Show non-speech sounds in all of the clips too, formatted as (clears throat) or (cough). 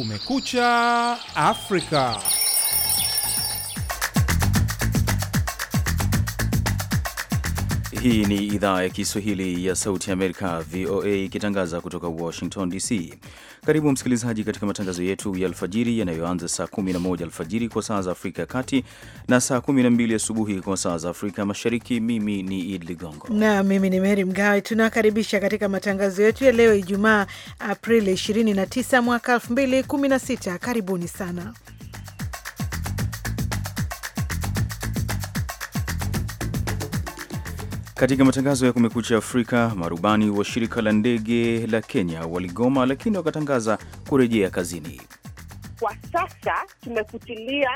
Kumekucha Afrika. Hii ni idhaa ya Kiswahili ya Sauti ya Amerika, VOA, ikitangaza kutoka Washington DC. Karibu msikilizaji katika matangazo yetu ya alfajiri yanayoanza saa 11 alfajiri kwa saa za Afrika ya Kati na saa 12 asubuhi kwa saa za Afrika Mashariki. Mimi ni id Ligongo na mimi ni Meri Mgawe. Tunakaribisha katika matangazo yetu ya leo Ijumaa, Aprili 29 mwaka 2016. Karibuni sana Katika matangazo ya Kumekucha Afrika, marubani wa shirika la ndege la Kenya waligoma, lakini wakatangaza kurejea kazini. Kwa sasa tumefutilia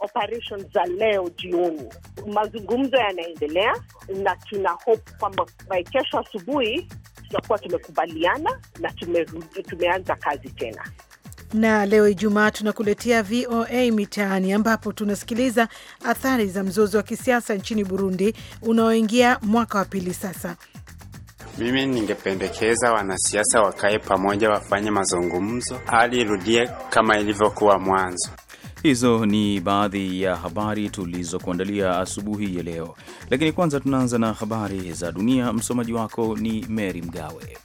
operation za leo jioni. Mazungumzo yanaendelea na tuna hope kwamba by kesho asubuhi tutakuwa tumekubaliana na tume, tumeanza kazi tena na leo Ijumaa tunakuletea VOA Mitaani, ambapo tunasikiliza athari za mzozo wa kisiasa nchini Burundi unaoingia mwaka wa pili sasa. Mimi ningependekeza wanasiasa wakae pamoja, wafanye mazungumzo, hali irudie kama ilivyokuwa mwanzo. Hizo ni baadhi ya habari tulizokuandalia asubuhi ya leo, lakini kwanza tunaanza na habari za dunia. Msomaji wako ni Mary Mgawe.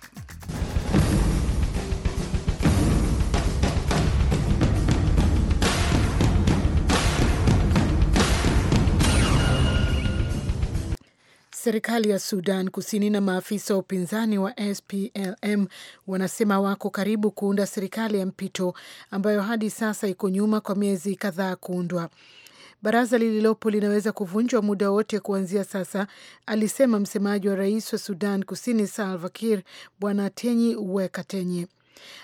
Serikali ya Sudan Kusini na maafisa wa upinzani wa SPLM wanasema wako karibu kuunda serikali ya mpito ambayo hadi sasa iko nyuma kwa miezi kadhaa kuundwa. Baraza lililopo linaweza kuvunjwa muda wote kuanzia sasa, alisema msemaji wa rais wa Sudan Kusini Salva Kiir, Bwana Tenyi Weka Tenyi.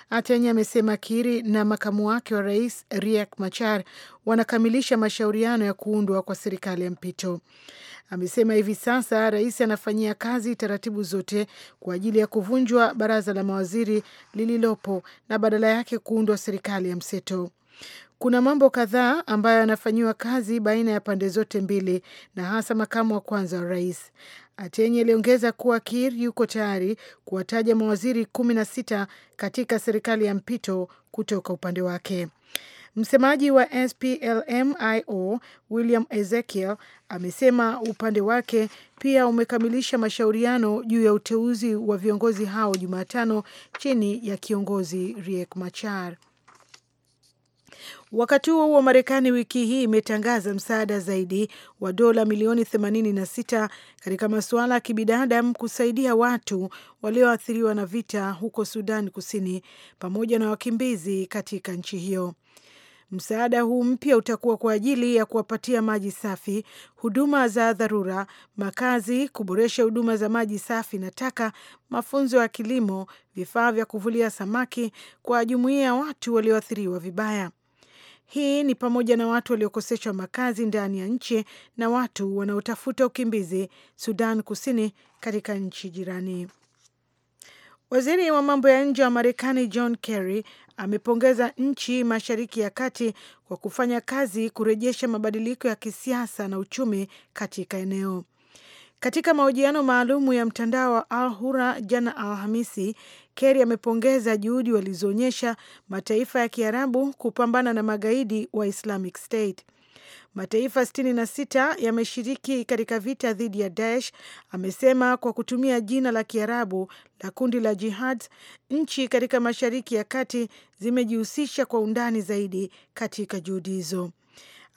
Atenya amesema Kiri na makamu wake wa rais Riek Machar wanakamilisha mashauriano ya kuundwa kwa serikali ya mpito. Amesema hivi sasa rais anafanyia kazi taratibu zote kwa ajili ya kuvunjwa baraza la mawaziri lililopo na badala yake kuundwa serikali ya mseto. Kuna mambo kadhaa ambayo yanafanyiwa kazi baina ya pande zote mbili na hasa makamu wa kwanza wa rais. Atenyi aliongeza kuwa kir yuko tayari kuwataja mawaziri kumi na sita katika serikali ya mpito kutoka upande wake. Msemaji wa splmio William Ezekiel amesema upande wake pia umekamilisha mashauriano juu ya uteuzi wa viongozi hao Jumatano chini ya kiongozi Riek Machar. Wakati huo huo, Marekani wiki hii imetangaza msaada zaidi wa dola milioni 86 katika masuala ya kibinadamu kusaidia watu walioathiriwa na vita huko Sudan Kusini pamoja na wakimbizi katika nchi hiyo. Msaada huu mpya utakuwa kwa ajili ya kuwapatia maji safi, huduma za dharura, makazi, kuboresha huduma za maji safi na taka, mafunzo ya kilimo, vifaa vya kuvulia samaki kwa jumuiya ya watu walioathiriwa vibaya. Hii ni pamoja na watu waliokoseshwa makazi ndani ya nchi na watu wanaotafuta ukimbizi Sudan Kusini katika nchi jirani. Waziri wa mambo ya nje wa Marekani John Kerry amepongeza nchi Mashariki ya Kati kwa kufanya kazi kurejesha mabadiliko ya kisiasa na uchumi katika eneo. Katika mahojiano maalumu ya mtandao wa Al Hura jana Alhamisi, keri amepongeza juhudi walizoonyesha mataifa ya Kiarabu kupambana na magaidi wa Islamic State. Mataifa 66 yameshiriki katika vita dhidi ya Daesh, amesema kwa kutumia jina la Kiarabu la kundi la jihad. Nchi katika Mashariki ya Kati zimejihusisha kwa undani zaidi katika juhudi hizo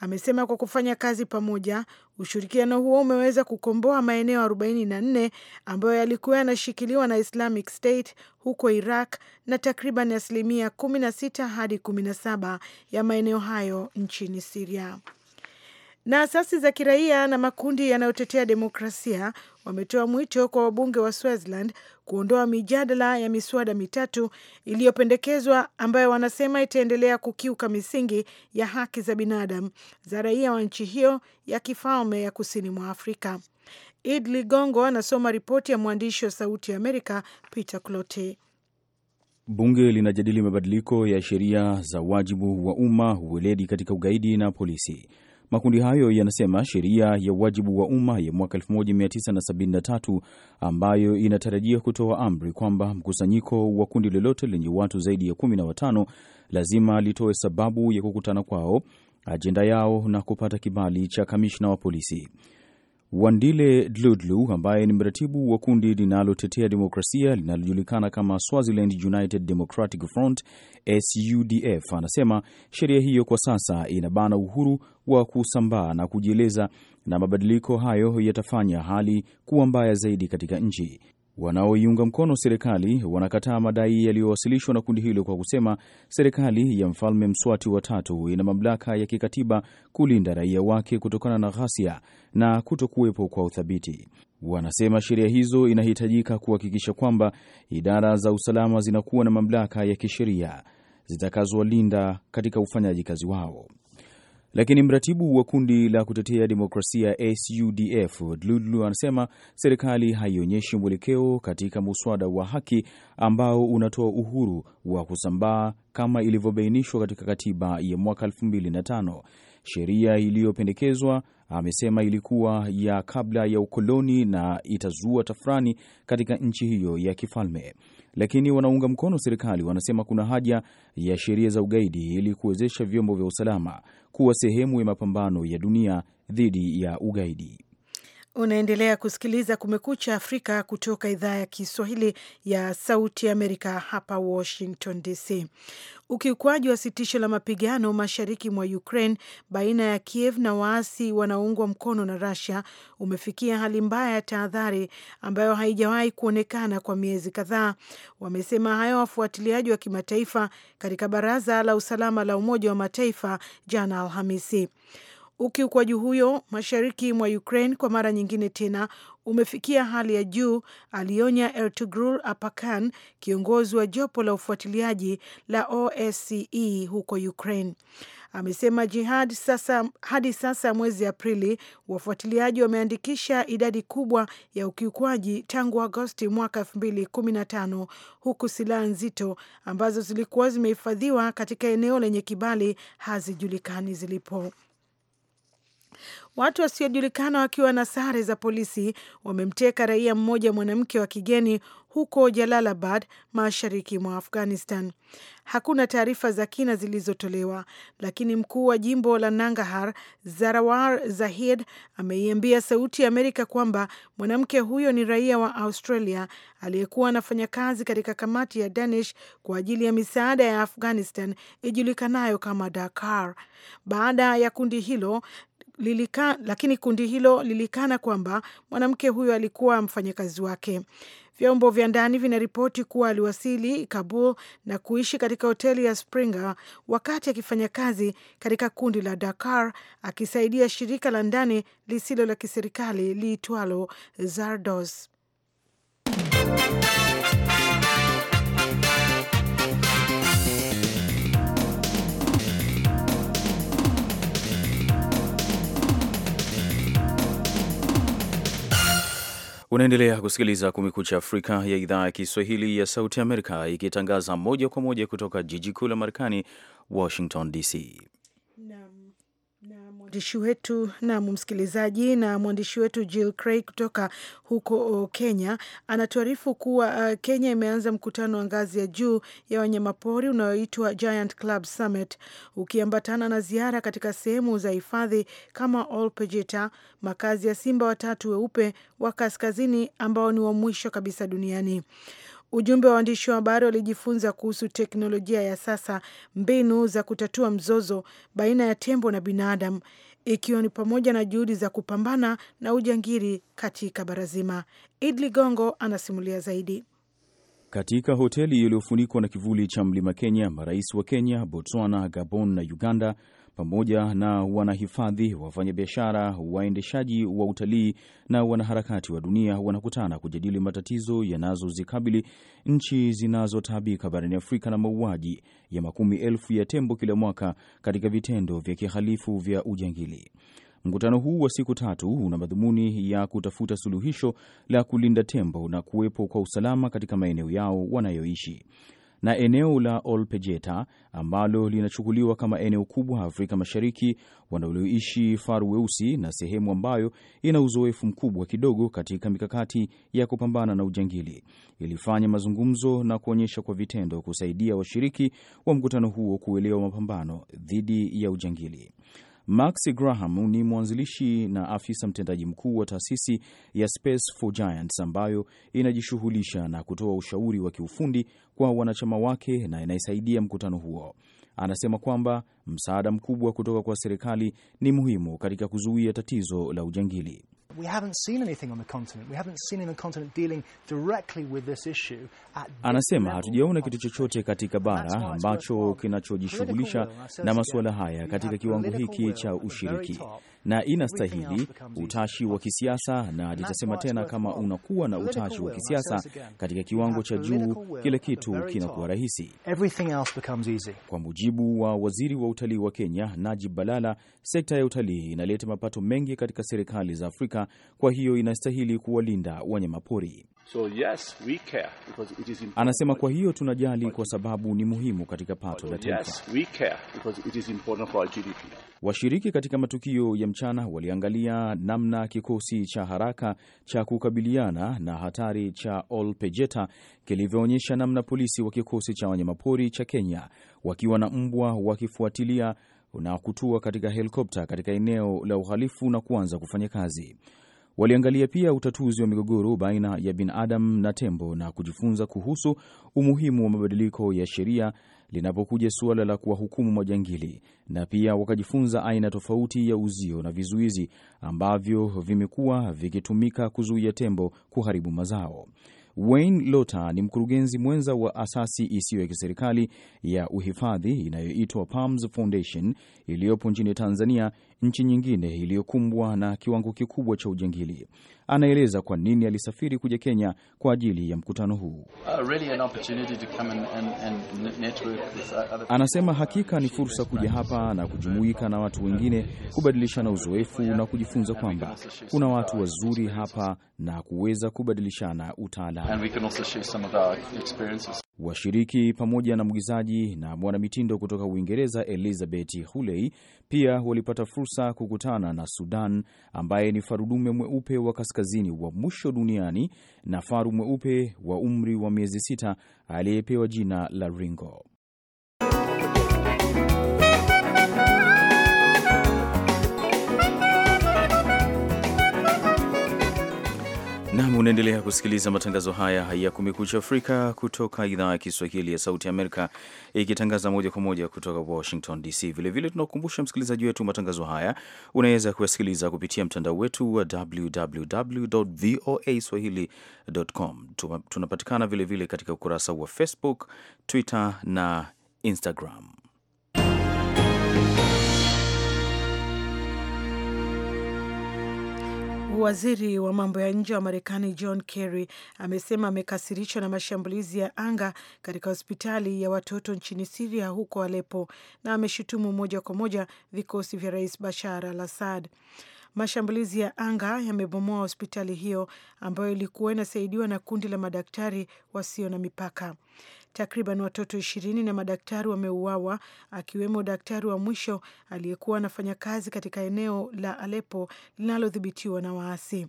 amesema kwa kufanya kazi pamoja, ushirikiano huo umeweza kukomboa maeneo 44 ambayo yalikuwa yanashikiliwa na Islamic State huko Iraq na takriban asilimia 16 hadi 17 ya maeneo hayo nchini Siria. Na asasi za kiraia na makundi yanayotetea demokrasia wametoa mwito kwa wabunge wa Swaziland kuondoa mijadala ya miswada mitatu iliyopendekezwa ambayo wanasema itaendelea kukiuka misingi ya haki za binadamu za raia wa nchi hiyo ya kifalme ya kusini mwa Afrika. Id Ligongo anasoma ripoti ya mwandishi wa Sauti ya Amerika Peter Clote. Bunge linajadili mabadiliko ya sheria za wajibu wa umma, uweledi katika ugaidi na polisi. Makundi hayo yanasema sheria ya wajibu wa umma ya mwaka 1973 ambayo inatarajia kutoa amri kwamba mkusanyiko wa kundi lolote lenye watu zaidi ya 15 lazima litoe sababu ya kukutana kwao, ajenda yao na kupata kibali cha kamishna wa polisi. Wandile Dludlu ambaye ni mratibu wa kundi linalotetea demokrasia linalojulikana kama Swaziland United Democratic Front SUDF anasema sheria hiyo kwa sasa inabana uhuru wa kusambaa na kujieleza na mabadiliko hayo yatafanya hali kuwa mbaya zaidi katika nchi. Wanaoiunga mkono serikali wanakataa madai yaliyowasilishwa na kundi hilo kwa kusema serikali ya Mfalme Mswati wa tatu ina mamlaka ya kikatiba kulinda raia wake kutokana na ghasia na kutokuwepo kwa uthabiti. Wanasema sheria hizo inahitajika kuhakikisha kwamba idara za usalama zinakuwa na mamlaka ya kisheria zitakazowalinda katika ufanyaji kazi wao. Lakini mratibu wa kundi la kutetea demokrasia SUDF Dludlu anasema serikali haionyeshi mwelekeo katika muswada wa haki ambao unatoa uhuru wa kusambaa kama ilivyobainishwa katika katiba ya mwaka 2005. Sheria iliyopendekezwa amesema ilikuwa ya kabla ya ukoloni na itazua tafrani katika nchi hiyo ya kifalme lakini wanaunga mkono serikali wanasema kuna haja ya sheria za ugaidi ili kuwezesha vyombo vya usalama kuwa sehemu ya mapambano ya dunia dhidi ya ugaidi. Unaendelea kusikiliza Kumekucha Afrika kutoka idhaa ya Kiswahili ya Sauti Amerika, hapa Washington DC. Ukiukwaji wa sitisho la mapigano mashariki mwa Ukraine baina ya Kiev na waasi wanaoungwa mkono na Russia umefikia hali mbaya ya tahadhari ambayo haijawahi kuonekana kwa miezi kadhaa. Wamesema hayo wafuatiliaji wa kimataifa katika Baraza la Usalama la Umoja wa Mataifa jana Alhamisi. Ukiukwaji huyo mashariki mwa Ukraine kwa mara nyingine tena umefikia hali ya juu, alionya Ertugrul Apakan, kiongozi wa jopo la ufuatiliaji la OSCE huko Ukraine. Amesema jihad sasa, hadi sasa mwezi Aprili wafuatiliaji wameandikisha idadi kubwa ya ukiukwaji tangu Agosti mwaka tano huku silaha nzito ambazo zilikuwa zimehifadhiwa katika eneo lenye kibali hazijulikani zilipo. Watu wasiojulikana wakiwa na sare za polisi wamemteka raia mmoja mwanamke wa kigeni huko Jalalabad, mashariki mwa Afghanistan. Hakuna taarifa za kina zilizotolewa, lakini mkuu wa jimbo la Nangahar, Zarawar Zahid, ameiambia Sauti ya Amerika kwamba mwanamke huyo ni raia wa Australia aliyekuwa anafanya kazi katika kamati ya Danish kwa ajili ya misaada ya Afghanistan ijulikanayo kama Dakar. Baada ya kundi hilo lilika, lakini kundi hilo lilikana kwamba mwanamke huyo alikuwa mfanyakazi wake. Vyombo vya ndani vinaripoti kuwa aliwasili Kabul na kuishi katika hoteli ya Springer wakati akifanya kazi katika kundi la Dakar akisaidia shirika la ndani lisilo la kiserikali liitwalo Zardos. Unaendelea kusikiliza Kumekucha Afrika ya idhaa ya Kiswahili ya Sauti Amerika, ikitangaza moja kwa moja kutoka jiji kuu la Marekani, Washington DC. Naam mwandishi wetu na msikilizaji na mwandishi wetu Jill Craig kutoka huko oh, Kenya anatuarifu kuwa uh, Kenya imeanza mkutano wa ngazi ya juu ya wanyamapori unaoitwa Giant Club Summit ukiambatana na ziara katika sehemu za hifadhi kama Ol Pejeta, makazi ya simba watatu weupe wa kaskazini ambao ni wa mwisho kabisa duniani. Ujumbe wa waandishi wa habari walijifunza kuhusu teknolojia ya sasa, mbinu za kutatua mzozo baina ya tembo na binadamu, ikiwa ni pamoja na juhudi za kupambana na ujangiri katika bara zima. Id Ligongo anasimulia zaidi. Katika hoteli iliyofunikwa na kivuli cha mlima Kenya, marais wa Kenya, Botswana, Gabon na Uganda pamoja na wanahifadhi, wafanyabiashara, waendeshaji wa utalii na wanaharakati wa dunia wanakutana kujadili matatizo yanazozikabili nchi zinazotaabika barani Afrika na mauaji ya makumi elfu ya tembo kila mwaka katika vitendo vya kihalifu vya ujangili. Mkutano huu wa siku tatu una madhumuni ya kutafuta suluhisho la kulinda tembo na kuwepo kwa usalama katika maeneo yao wanayoishi na eneo la Olpejeta ambalo linachukuliwa kama eneo kubwa Afrika Mashariki wanaoishi faru weusi na sehemu ambayo ina uzoefu mkubwa kidogo katika mikakati ya kupambana na ujangili. Ilifanya mazungumzo na kuonyesha kwa vitendo kusaidia washiriki wa mkutano huo kuelewa mapambano dhidi ya ujangili. Max Graham ni mwanzilishi na afisa mtendaji mkuu wa taasisi ya Space for Giants ambayo inajishughulisha na kutoa ushauri wa kiufundi kwa wanachama wake na inayesaidia mkutano huo. Anasema kwamba msaada mkubwa kutoka kwa serikali ni muhimu katika kuzuia tatizo la ujangili we haven't seen anything on the continent. We haven't seen the continent dealing directly with this issue. Anasema hatujaona kitu chochote katika bara ambacho kinachojishughulisha na masuala haya katika kiwango hiki cha ushiriki, na inastahili utashi wa kisiasa, na nitasema tena, kama unakuwa na utashi wa kisiasa katika kiwango cha juu, kila kitu kinakuwa rahisi. Kwa mujibu wa waziri wa utalii wa Kenya Najib Balala, sekta ya utalii inaleta mapato mengi katika serikali za Afrika kwa hiyo inastahili kuwalinda wanyamapori. So yes, we care because it is important. Anasema kwa hiyo tunajali kwa sababu ni muhimu katika pato la taifa. Yes, we care because it is important for our GDP. Washiriki katika matukio ya mchana waliangalia namna kikosi cha haraka cha kukabiliana na hatari cha Olpejeta kilivyoonyesha namna polisi wa kikosi cha wanyamapori cha Kenya wakiwa na mbwa wakifuatilia na kutua katika helikopta katika eneo la uhalifu na kuanza kufanya kazi. Waliangalia pia utatuzi wa migogoro baina ya binadamu na tembo na kujifunza kuhusu umuhimu wa mabadiliko ya sheria linapokuja suala la kuwahukumu majangili, na pia wakajifunza aina tofauti ya uzio na vizuizi ambavyo vimekuwa vikitumika kuzuia tembo kuharibu mazao. Wayne Lota ni mkurugenzi mwenza wa asasi isiyo ya kiserikali ya uhifadhi inayoitwa Palms Foundation iliyopo nchini Tanzania nchi nyingine iliyokumbwa na kiwango kikubwa cha ujangili. Anaeleza kwa nini alisafiri kuja Kenya kwa ajili ya mkutano huu. Uh, really an opportunity to come and, and, and network with other... Anasema hakika ni fursa kuja hapa na kujumuika na watu wengine, kubadilishana uzoefu na kujifunza kwamba kuna watu wazuri hapa na kuweza kubadilishana utaalamu. Washiriki pamoja na mwigizaji na mwanamitindo kutoka Uingereza Elizabeth Huley pia walipata fursa kukutana na Sudan ambaye ni farudume mweupe wa kaskazini wa mwisho duniani na faru mweupe wa umri wa miezi sita aliyepewa jina la Ringo. Nam, unaendelea kusikiliza matangazo haya ya Kumekucha Afrika kutoka idhaa ya Kiswahili ya Sauti Amerika, ikitangaza moja kwa moja kutoka Washington DC. Vilevile tunakukumbusha msikilizaji wetu, matangazo haya unaweza kuyasikiliza kupitia mtandao wetu wa www voa swahili.com. Tunapatikana vilevile katika ukurasa wa Facebook, Twitter na Instagram. Waziri wa mambo ya nje wa Marekani John Kerry amesema amekasirishwa na mashambulizi ya anga katika hospitali ya watoto nchini Siria huko Alepo, na ameshutumu moja kwa moja vikosi vya Rais Bashar al Assad. Mashambulizi ya anga yamebomoa hospitali hiyo ambayo ilikuwa inasaidiwa na kundi la madaktari wasio na mipaka. Takriban watoto ishirini na madaktari wameuawa akiwemo daktari wa mwisho aliyekuwa anafanya kazi katika eneo la Alepo linalodhibitiwa na waasi.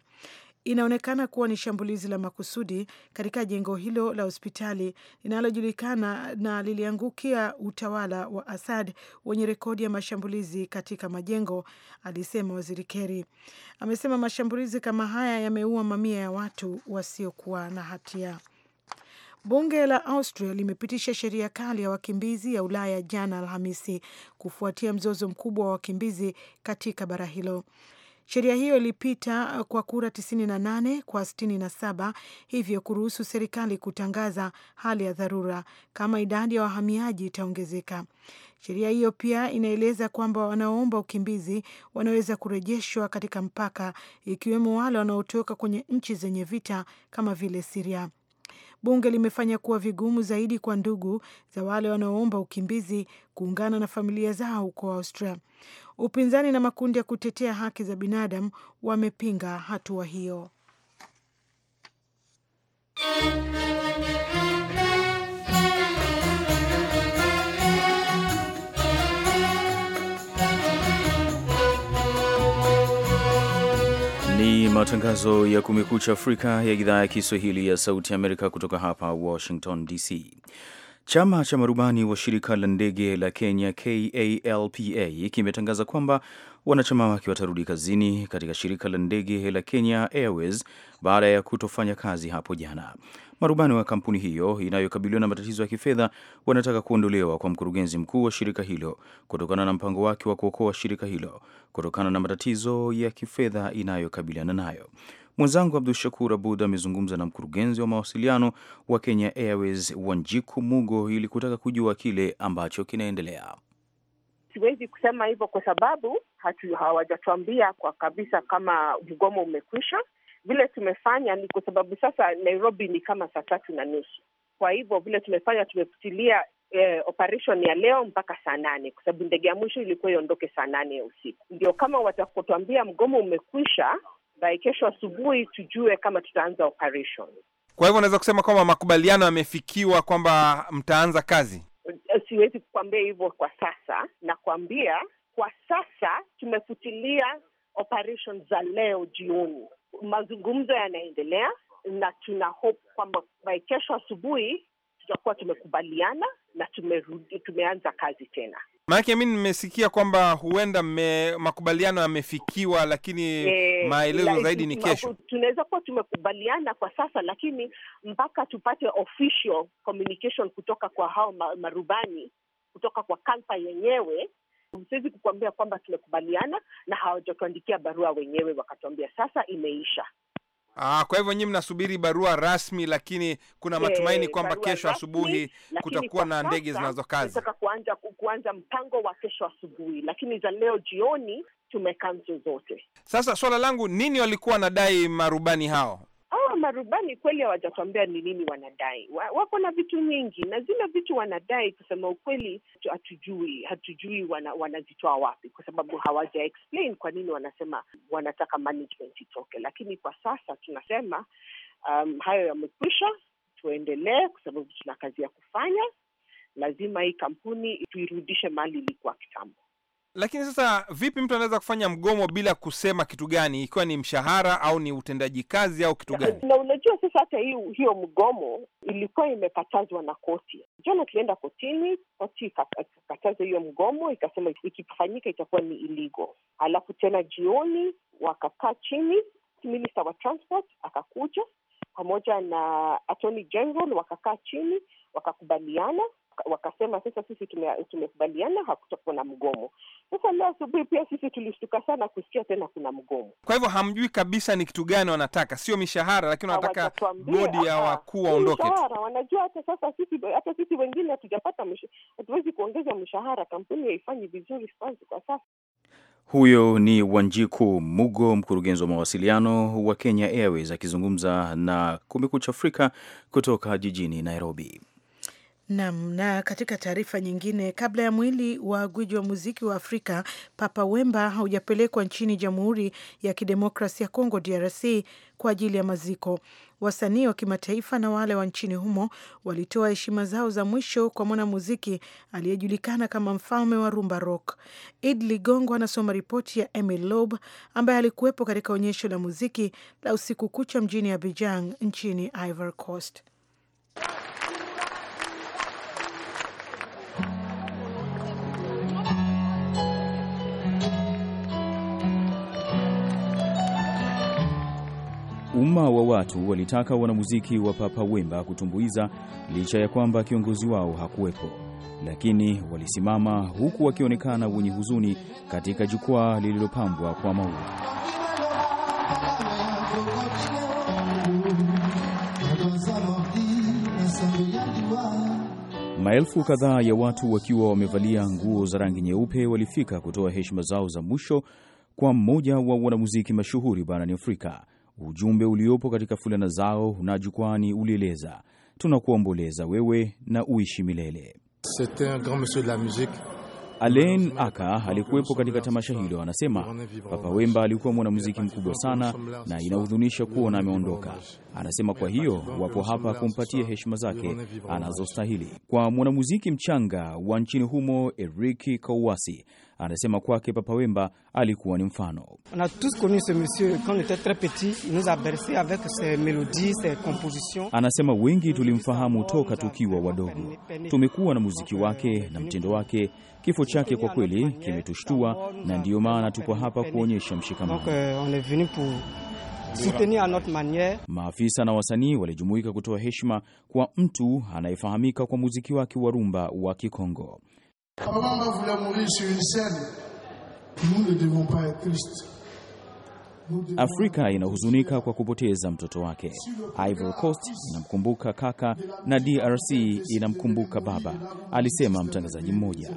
Inaonekana kuwa ni shambulizi la makusudi katika jengo hilo la hospitali linalojulikana na liliangukia utawala wa Assad wenye rekodi ya mashambulizi katika majengo, alisema waziri Kerry. Amesema mashambulizi kama haya yameua mamia ya watu wasiokuwa na hatia. Bunge la Austria limepitisha sheria kali ya wakimbizi ya Ulaya jana Alhamisi kufuatia mzozo mkubwa wa wakimbizi katika bara hilo. Sheria hiyo ilipita uh, kwa kura 98 kwa 67, hivyo kuruhusu serikali kutangaza hali ya dharura kama idadi ya wahamiaji itaongezeka. Sheria hiyo pia inaeleza kwamba wanaoomba ukimbizi wanaweza kurejeshwa katika mpaka, ikiwemo wale wanaotoka kwenye nchi zenye vita kama vile Siria bunge limefanya kuwa vigumu zaidi kwa ndugu za wale wanaoomba ukimbizi kuungana na familia zao huko Austria. Upinzani na makundi ya kutetea haki za binadamu wamepinga hatua wa hiyo. matangazo ya Kumekucha Afrika ya idhaa ya Kiswahili ya Sauti Amerika kutoka hapa Washington DC. Chama cha marubani wa shirika la ndege la Kenya KALPA kimetangaza kwamba wanachama wake watarudi kazini katika shirika la ndege la Kenya Airways baada ya kutofanya kazi hapo jana. Marubani wa kampuni hiyo inayokabiliwa na matatizo ya kifedha wanataka kuondolewa kwa mkurugenzi mkuu wa shirika hilo kutokana na mpango wake wa kuokoa shirika hilo kutokana na matatizo ya kifedha inayokabiliana nayo. Mwenzangu Abdu Shakur Abud amezungumza na mkurugenzi wa mawasiliano wa Kenya Airways Wanjiku Mugo ili kutaka kujua kile ambacho kinaendelea. Siwezi kusema hivyo kwa sababu hatu hawajatuambia kwa kabisa kama mgomo umekwisha. Vile tumefanya ni kwa sababu sasa Nairobi ni kama saa tatu na nusu. Kwa hivyo vile tumefanya tumepitilia eh, operation ya leo mpaka saa nane kwa sababu ndege ya mwisho ilikuwa iondoke saa nane ya usiku. Ndio kama watakotuambia mgomo umekwisha, by kesho asubuhi tujue kama tutaanza operation. Kwa hivyo unaweza kusema kwamba makubaliano yamefikiwa kwamba mtaanza kazi? Eh, siwezi kukwambia hivyo kwa sasa, nakwambia kwa sasa tumefutilia operation za leo jioni. Mazungumzo yanaendelea na tuna hope kwamba by kesho asubuhi tutakuwa tumekubaliana na tumerudi, tumeanza kazi tena. Maanake mi nimesikia kwamba huenda me, makubaliano yamefikiwa, lakini e, maelezo zaidi ni kesho. Tunaweza kuwa tumekubaliana kwa sasa, lakini mpaka tupate official communication kutoka kwa hao marubani kutoka kwa kansa yenyewe siwezi kukuambia kwamba tumekubaliana, na hawajatuandikia barua wenyewe wakatuambia sasa imeisha. Ah, kwa hivyo nyinyi mnasubiri barua rasmi, lakini kuna eh, matumaini kwamba kesho asubuhi kutakuwa na ndege zinazokazi. kuanza kuanza mpango wa kesho asubuhi, lakini za leo jioni tumekanzo zote. Sasa swala langu nini, walikuwa wanadai marubani hao? marubani kweli hawajatuambia ni nini wanadai. Wako na vitu nyingi, na zile vitu wanadai, kusema ukweli, hatujui hatujui wana, wanazitoa wapi, kwa sababu hawaja explain kwa nini wanasema wanataka management itoke. Lakini kwa sasa tunasema um, hayo yamekwisha, tuendelee kwa sababu tuna kazi ya kufanya. Lazima hii kampuni tuirudishe mali ilikuwa kitambo. Lakini sasa vipi mtu anaweza kufanya mgomo bila kusema kitu gani, ikiwa ni mshahara au ni utendaji kazi au kitu gani? Na unajua sasa, hata hiyo hiyo mgomo ilikuwa imekatazwa na koti. Jana tulienda kotini, koti ikakataza hiyo mgomo, ikasema ikifanyika itakuwa ni illegal. Alafu tena jioni wakakaa chini, minista wa transport akakuja pamoja na attorney general, wakakaa chini wakakubaliana wakasema sasa sisi tumekubaliana hakutakuwa na mgomo, asubuhi pia sisi tulishtuka sana kusikia tena kuna mgomo. Kwa hivyo hamjui kabisa ni kitu gani wanataka, sio mishahara, lakini wanataka bodi ya wakuu waondoke. wanajua hata sasa, sisi hata sisi wengine hatujapata, hatuwezi kuongeza mshahara, kampuni haifanyi vizuri kwa sasa. Huyo ni Wanjiku Mugo, mkurugenzi wa mawasiliano wa Kenya Airways akizungumza na Kumekucha Afrika kutoka jijini Nairobi. Nam. Na katika taarifa nyingine, kabla ya mwili wa gwiji wa muziki wa Afrika Papa Wemba haujapelekwa nchini Jamhuri ya Kidemokrasi ya Kongo, DRC, kwa ajili ya maziko, wasanii wa kimataifa na wale wa nchini humo walitoa heshima zao za mwisho kwa mwanamuziki aliyejulikana kama mfalme wa rumba rock. Id Ligongo anasoma ripoti ya Emil Lob ambaye alikuwepo katika onyesho la muziki la usiku kucha mjini Abijang nchini Ivory Coast. Umma wa watu walitaka wanamuziki wa Papa Wemba kutumbuiza licha ya kwamba kiongozi wao hakuwepo, lakini walisimama huku wakionekana wenye huzuni katika jukwaa lililopambwa kwa maua. Maelfu kadhaa ya watu wakiwa wamevalia nguo za rangi nyeupe walifika kutoa heshima zao za mwisho kwa mmoja wa wanamuziki mashuhuri barani Afrika. Ujumbe uliopo katika fulana zao na jukwani ulieleza, tunakuomboleza wewe na uishi milele. Alain Aka alikuwepo katika tamasha hilo. Anasema Papa Wemba alikuwa mwanamuziki mkubwa sana na inahuzunisha kuona ameondoka. Anasema kwa hiyo wapo hapa kumpatia heshima zake anazostahili. Kwa mwanamuziki mchanga wa nchini humo Eric Kouassi anasema kwake Papa Wemba alikuwa ni mfano. Anasema wengi tulimfahamu toka tukiwa wadogo, tumekuwa na muziki wake na mtindo wake Kifo chake kwa kweli kimetushtua, na ndiyo maana tupo hapa kuonyesha mshikamano. Euh, Maafisa na wasanii walijumuika kutoa heshima kwa mtu anayefahamika kwa muziki wake wa rumba wa Kikongo. Afrika inahuzunika kwa kupoteza mtoto wake. Ivory Coast inamkumbuka kaka na DRC inamkumbuka baba, alisema mtangazaji mmoja.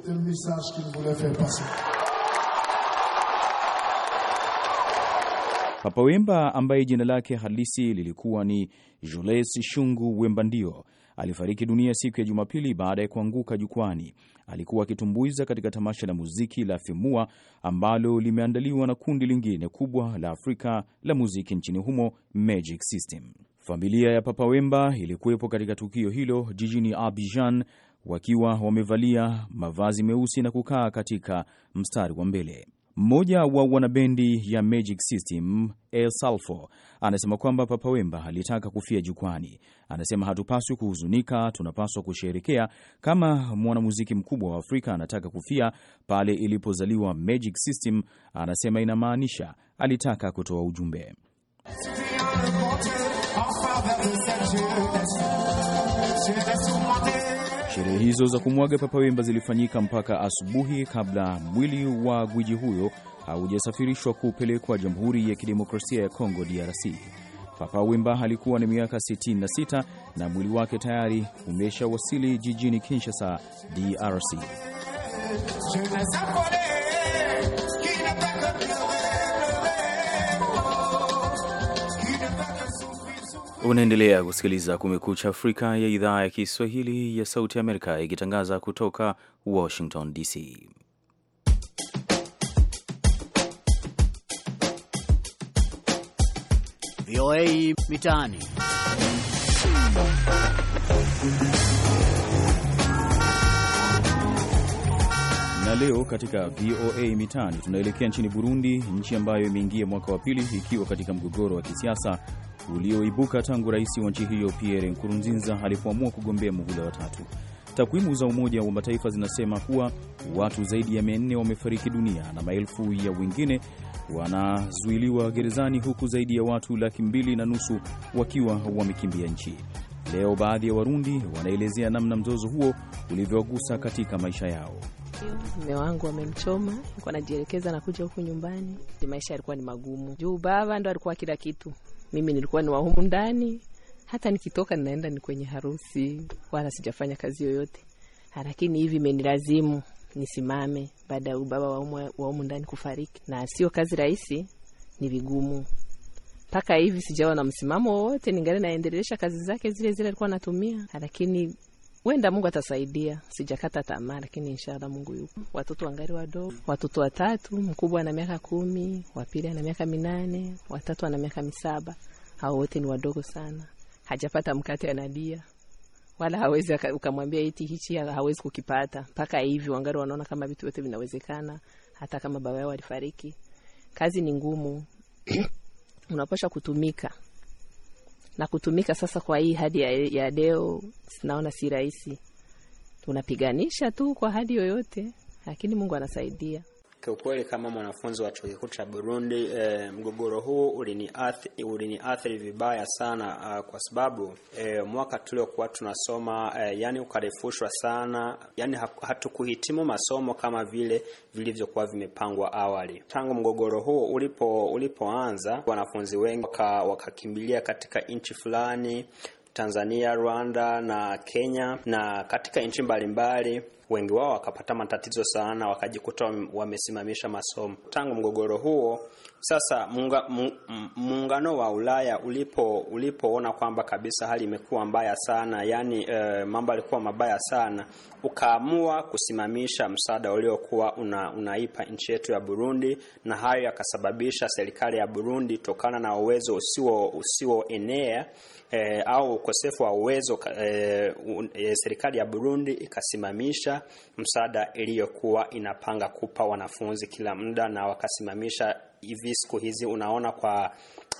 Papa Wemba ambaye jina lake halisi lilikuwa ni Jules Shungu Wemba ndio alifariki dunia siku ya Jumapili baada ya kuanguka jukwani. Alikuwa akitumbuiza katika tamasha la muziki la Fimua ambalo limeandaliwa na kundi lingine kubwa la Afrika la muziki nchini humo, Magic System. Familia ya Papa Wemba ilikuwepo katika tukio hilo jijini Abidjan wakiwa wamevalia mavazi meusi na kukaa katika mstari wa mbele. Mmoja wa wanabendi ya Magic System El Salfo anasema kwamba Papa Wemba alitaka kufia jukwani. Anasema hatupaswi kuhuzunika, tunapaswa kusherekea. Kama mwanamuziki mkubwa wa Afrika anataka kufia pale ilipozaliwa Magic System, anasema inamaanisha alitaka kutoa ujumbe Sherehe hizo za kumwaga Papa Wemba zilifanyika mpaka asubuhi, kabla mwili wa gwiji huyo haujasafirishwa kupelekwa Jamhuri ya Kidemokrasia ya Kongo, DRC. Papa Wemba alikuwa na miaka 66 na mwili wake tayari umeshawasili jijini Kinshasa, DRC. Unaendelea kusikiliza Kumekucha Afrika ya idhaa ya Kiswahili ya Sauti ya Amerika ikitangaza kutoka Washington DC. VOA Mitaani. Na leo katika VOA Mitaani tunaelekea nchini Burundi, nchi ambayo imeingia mwaka wa pili ikiwa katika mgogoro wa kisiasa ulioibuka tangu rais wa nchi hiyo Pierre Nkurunziza alipoamua kugombea muhula wa tatu. Takwimu za Umoja wa Mataifa zinasema kuwa watu zaidi ya 4 wamefariki dunia na maelfu ya wengine wanazuiliwa gerezani huku zaidi ya watu laki mbili na nusu wakiwa wamekimbia nchi. Leo baadhi ya Warundi wanaelezea namna mzozo huo ulivyogusa katika maisha yao. Mme wangu wamemchoma, alikuwa anajielekeza na kuja huku nyumbani. Maisha yalikuwa ni magumu juu baba ndo alikuwa kila kitu, mimi nilikuwa ni wa humu ndani, hata nikitoka ninaenda ni kwenye harusi, wala sijafanya kazi yoyote, ah, lakini hivi imenilazimu nisimame baada ya ubaba wa humu ndani kufariki, na sio kazi rahisi, ni vigumu mpaka hivi sijawa na msimamo wowote, ningali naendelesha kazi zake zile zile alikuwa anatumia, ah, lakini wenda Mungu atasaidia, sijakata tamaa, lakini inshallah Mungu yupo. Watoto wangari wadogo, watoto watatu, mkubwa ana miaka kumi, wa pili ana miaka minane, watatu ana miaka misaba. Hao wote ni wadogo sana, hajapata mkate analia, wala hawezi ukamwambia eti hichi hawezi kukipata. Mpaka hivi wangari wanaona kama vitu vyote vinawezekana, hata kama baba yao alifariki. Kazi ni ngumu (clears throat) unapasha kutumika na kutumika sasa kwa hii hadi ya, ya leo, naona si rahisi. Tunapiganisha tu kwa hadi yoyote, lakini Mungu anasaidia. Kiukweli kama mwanafunzi wa chuo kikuu cha Burundi e, mgogoro huu uliniathiri uliniathiri vibaya sana a, ah, kwa sababu e, mwaka tuliokuwa tunasoma e, yani ukarefushwa sana, yani hatukuhitimu masomo kama vile vilivyokuwa vimepangwa awali. Tangu mgogoro huu ulipo ulipoanza, wanafunzi wengi wakakimbilia waka katika nchi fulani Tanzania, Rwanda na Kenya na katika nchi mbalimbali wengi wao wakapata matatizo sana, wakajikuta wamesimamisha masomo. Tangu mgogoro huo sasa muungano wa Ulaya ulipo ulipoona kwamba kabisa hali imekuwa mbaya sana, yani e, mambo yalikuwa mabaya sana, ukaamua kusimamisha msaada uliokuwa una, unaipa nchi yetu ya Burundi, na hayo yakasababisha serikali ya Burundi tokana na uwezo usio usioenea e, eh, au ukosefu wa uwezo e, serikali ya Burundi ikasimamisha msaada iliyokuwa inapanga kupa wanafunzi kila muda, na wakasimamisha hivi siku hizi unaona kwa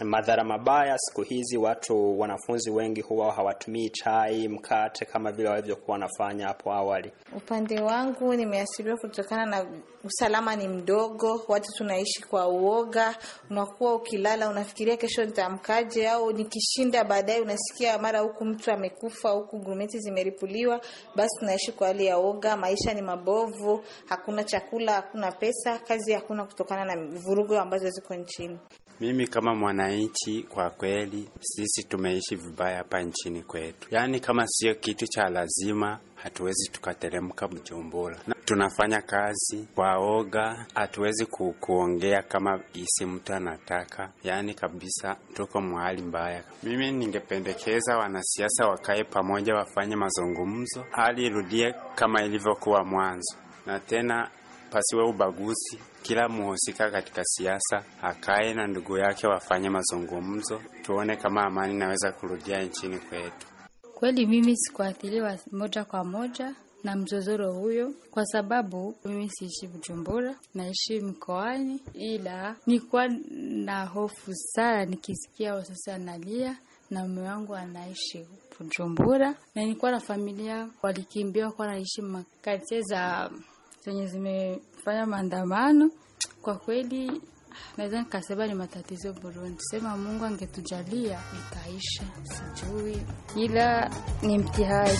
madhara mabaya siku hizi, watu wanafunzi wengi huwa hawatumii chai, mkate kama vile walivyokuwa wanafanya hapo awali. Upande wangu nimeasiriwa kutokana na usalama ni mdogo, watu tunaishi kwa uoga. Unakuwa ukilala unafikiria kesho nitamkaje, au nikishinda baadaye unasikia mara huku mtu amekufa, huku gurumeti zimeripuliwa. Basi tunaishi kwa hali ya uoga, maisha ni mabovu, hakuna chakula, hakuna pesa, kazi hakuna, kutokana na vurugu ambazo ziko nchini. Mimi kama mwananchi, kwa kweli, sisi tumeishi vibaya hapa nchini kwetu. Yaani kama sio kitu cha lazima, hatuwezi tukateremka mjombora na tunafanya kazi kwa oga, hatuwezi ku, kuongea kama isi mtu anataka. Yaani kabisa tuko mahali mbaya. Mimi ningependekeza wanasiasa wakae pamoja, wafanye mazungumzo, hali irudie kama ilivyokuwa mwanzo, na tena pasiwe ubaguzi. Kila mhusika katika siasa akae na ndugu yake, wafanye mazungumzo, tuone kama amani inaweza kurudia nchini kwetu. Kweli mimi sikuathiriwa moja kwa moja na mzozoro huyo kwa sababu mimi siishi Bujumbura, naishi mkoani, ila nikuwa na hofu sana nikisikia wasasi analia na mume wangu anaishi Bujumbura, na nilikuwa na familia walikimbia, kwa naishi makartie za zenye zimefanya maandamano, kwa kweli naweza nikasema ni matatizo Burundi. Sema Mungu angetujalia ikaisha, sijui, ila ni mtihani.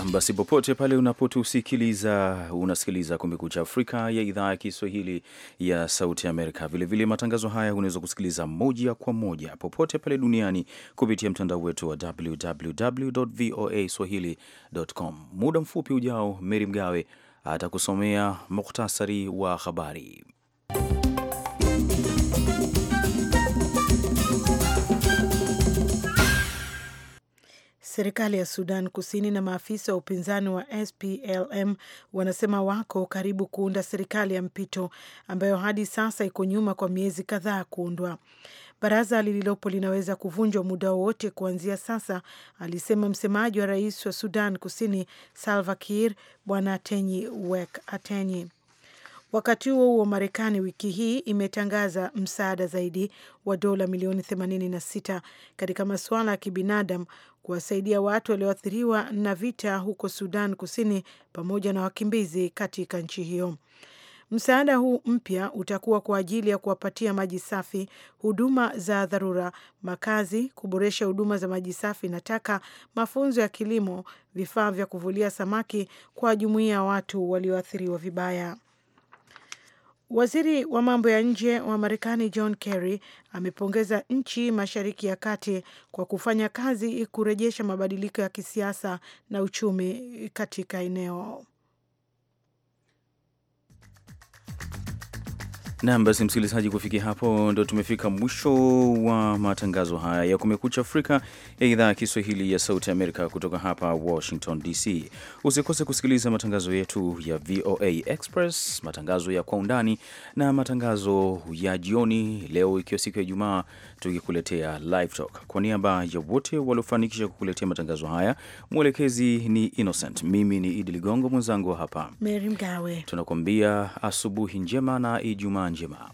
Nam, basi popote pale unapotusikiliza, unasikiliza Kumekucha Afrika ya idhaa ya Kiswahili ya Sauti Amerika. Vilevile matangazo haya unaweza kusikiliza moja kwa moja popote pale duniani kupitia mtandao wetu wa www voa swahili.com. Muda mfupi ujao, Meri Mgawe atakusomea muktasari wa habari. Serikali ya Sudan Kusini na maafisa wa upinzani wa SPLM wanasema wako karibu kuunda serikali ya mpito ambayo hadi sasa iko nyuma kwa miezi kadhaa kuundwa. Baraza lililopo linaweza kuvunjwa muda wowote kuanzia sasa, alisema msemaji wa rais wa Sudan Kusini Salva Kiir, Bwana Atenyi Wek Atenyi. Wakati huo huo, Marekani wiki hii imetangaza msaada zaidi wa dola milioni 86 katika masuala ya kibinadamu kuwasaidia watu walioathiriwa na vita huko Sudan Kusini pamoja na wakimbizi katika nchi hiyo. Msaada huu mpya utakuwa kwa ajili ya kuwapatia maji safi, huduma za dharura, makazi, kuboresha huduma za maji safi na taka, mafunzo ya kilimo, vifaa vya kuvulia samaki kwa jumuiya ya watu walioathiriwa vibaya. Waziri wa mambo ya nje wa Marekani John Kerry amepongeza nchi Mashariki ya Kati kwa kufanya kazi kurejesha mabadiliko ya kisiasa na uchumi katika eneo. Nam, basi msikilizaji, kufikia hapo ndo tumefika mwisho wa matangazo haya ya Kumekucha Afrika ya idhaa ya Kiswahili ya Sauti Amerika kutoka hapa Washington DC. Usikose kusikiliza matangazo yetu ya VOA Express, matangazo ya Kwa Undani na matangazo ya jioni, leo ikiwa siku ya Ijumaa tukikuletea live talk. Kwa niaba ya wote waliofanikisha kukuletea matangazo haya, mwelekezi ni Innocent, mimi ni Idi Ligongo, mwenzangu hapa Meri Mgawe, tunakuambia asubuhi njema na Ijumaa njema.